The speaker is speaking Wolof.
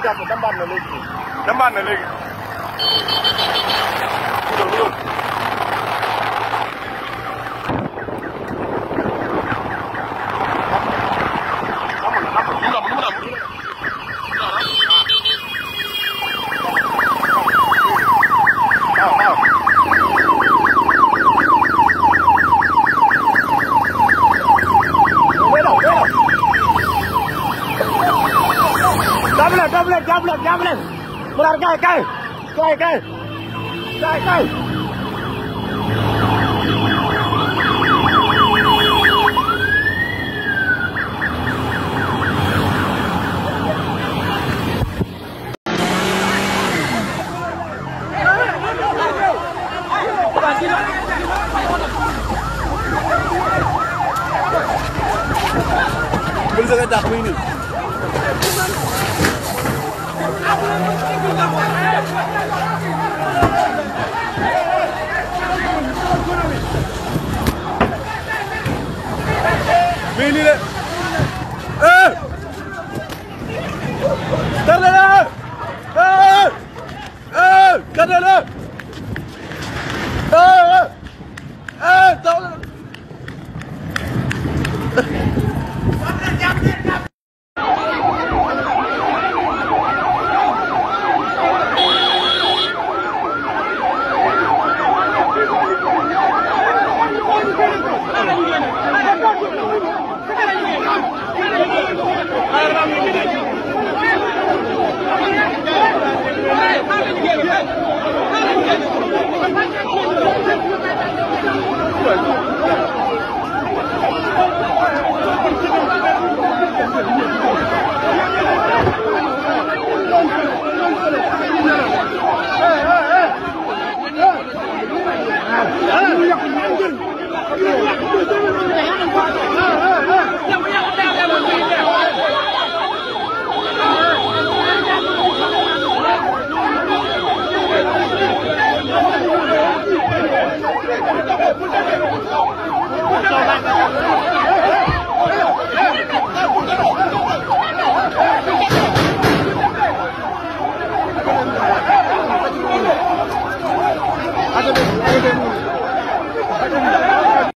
koy jàpp dambaat na léegi dambaat na léegi jàpp leen jàpp leen jàpp leen Mourar kay kay kay kay kay kay. Bunu da kadar takmayın. mais lii la Hey, hey, hey! Hadi bakalım.